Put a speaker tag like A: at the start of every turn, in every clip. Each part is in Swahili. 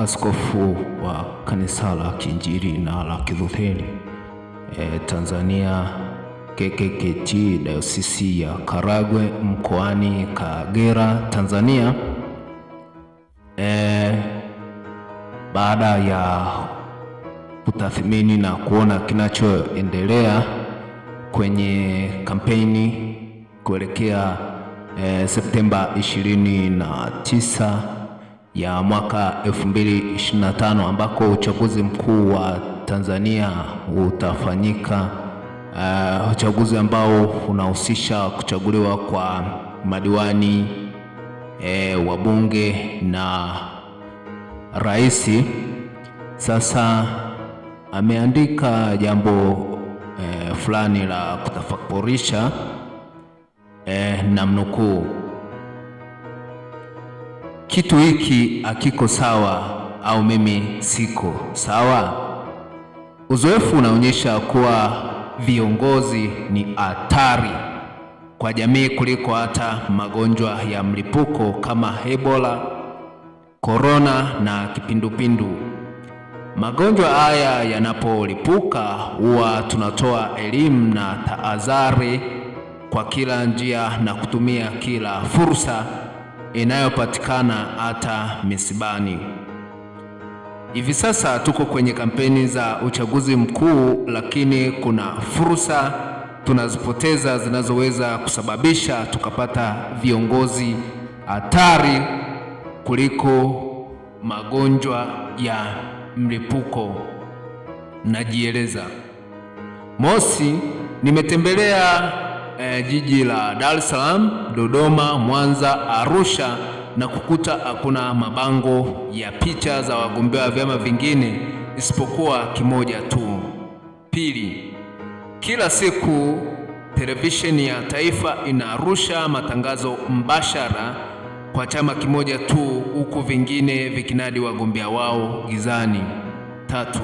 A: askofu wa kanisa la Kiinjili na la Kilutheri e, Tanzania KKKT Dayosisi ya Karagwe mkoani Kagera Tanzania. E, baada ya kutathmini na kuona kinachoendelea kwenye kampeni kuelekea e, Septemba 29 ya mwaka 2025 ambako uchaguzi mkuu wa Tanzania utafanyika, uh, uchaguzi ambao unahusisha kuchaguliwa kwa madiwani e, wabunge na rais. Sasa ameandika jambo e, fulani la kutafakarisha e, eh, na mnukuu kitu hiki hakiko sawa au mimi siko sawa. Uzoefu unaonyesha kuwa viongozi ni hatari kwa jamii kuliko hata magonjwa ya mlipuko kama Ebola, korona na kipindupindu. Magonjwa haya yanapolipuka huwa tunatoa elimu na tahadhari kwa kila njia na kutumia kila fursa inayopatikana hata misibani. Hivi sasa tuko kwenye kampeni za uchaguzi mkuu, lakini kuna fursa tunazipoteza zinazoweza kusababisha tukapata viongozi hatari kuliko magonjwa ya mlipuko. Najieleza. Mosi, nimetembelea e, jiji la Dar es Salaam, Dodoma, Mwanza, Arusha na kukuta hakuna mabango ya picha za wagombea wa vyama vingine isipokuwa kimoja tu. Pili, kila siku televisheni ya taifa inarusha matangazo mbashara kwa chama kimoja tu, huku vingine vikinadi wagombea wao gizani. Tatu,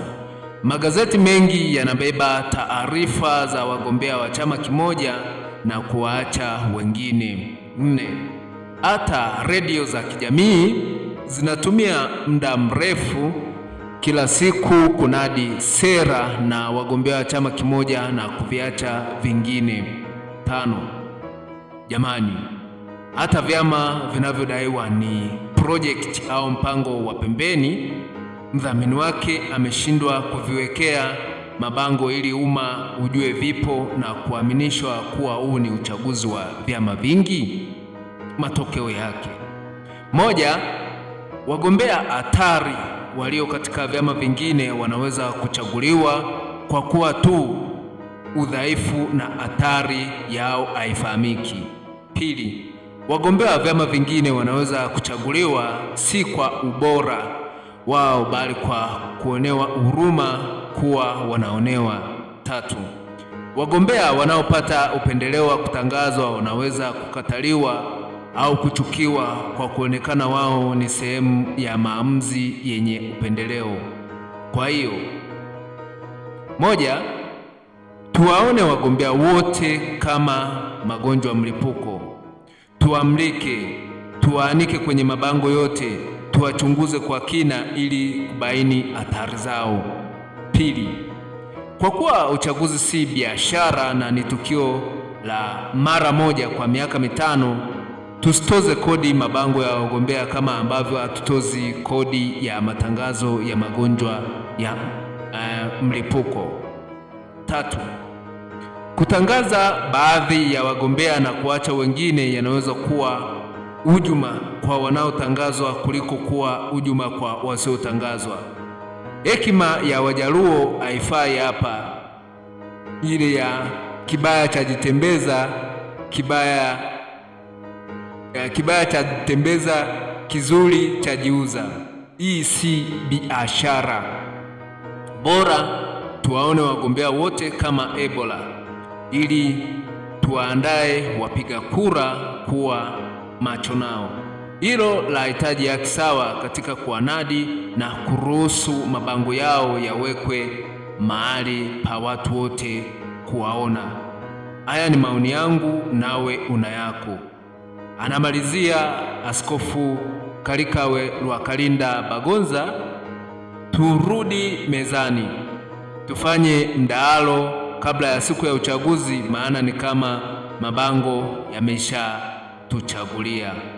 A: magazeti mengi yanabeba taarifa za wagombea wa chama kimoja na kuwaacha wengine. Nne, hata redio za kijamii zinatumia muda mrefu kila siku kunadi sera na wagombea wa chama kimoja na kuviacha vingine. Tano, jamani, hata vyama vinavyodaiwa ni project au mpango wa pembeni, mdhamini wake ameshindwa kuviwekea mabango ili umma ujue vipo na kuaminishwa kuwa huu ni uchaguzi wa vyama vingi. Matokeo yake, moja, wagombea hatari walio katika vyama vingine wanaweza kuchaguliwa kwa kuwa tu udhaifu na hatari yao haifahamiki. Pili, wagombea wa vyama vingine wanaweza kuchaguliwa si kwa ubora wao, bali kwa kuonewa huruma kuwa wanaonewa. Tatu, wagombea wanaopata upendeleo wa kutangazwa wanaweza kukataliwa au kuchukiwa kwa kuonekana wao ni sehemu ya maamuzi yenye upendeleo. Kwa hiyo, moja, tuwaone wagombea wote kama magonjwa mlipuko, tuamlike, tuwaanike kwenye mabango yote tuwachunguze kwa kina ili kubaini athari zao. Pili, kwa kuwa uchaguzi si biashara na ni tukio la mara moja kwa miaka mitano, tusitoze kodi mabango ya wagombea kama ambavyo hatutozi kodi ya matangazo ya magonjwa ya uh, mlipuko. Tatu, kutangaza baadhi ya wagombea na kuacha wengine yanaweza kuwa ujuma kwa wanaotangazwa kuliko kuwa ujuma kwa wasiotangazwa. Hekima ya Wajaluo haifai hapa, ile ya kibaya cha jitembeza kibaya, ya kibaya cha jitembeza, kizuri cha jiuza. Hii si biashara bora. Tuwaone wagombea wote kama Ebola ili tuwaandae wapiga kura kuwa macho nao. Hilo hitaji haki sawa katika kuanadi na kuruhusu mabango yao yawekwe mahali pa watu wote kuwaona. Haya ni maoni yangu, nawe una yako. Anamalizia Askofu Kalikawe Lwakalinda Bagonza, turudi mezani, tufanye mdahalo kabla ya siku ya uchaguzi, maana ni kama mabango yameisha तुच्छा बुढ़िया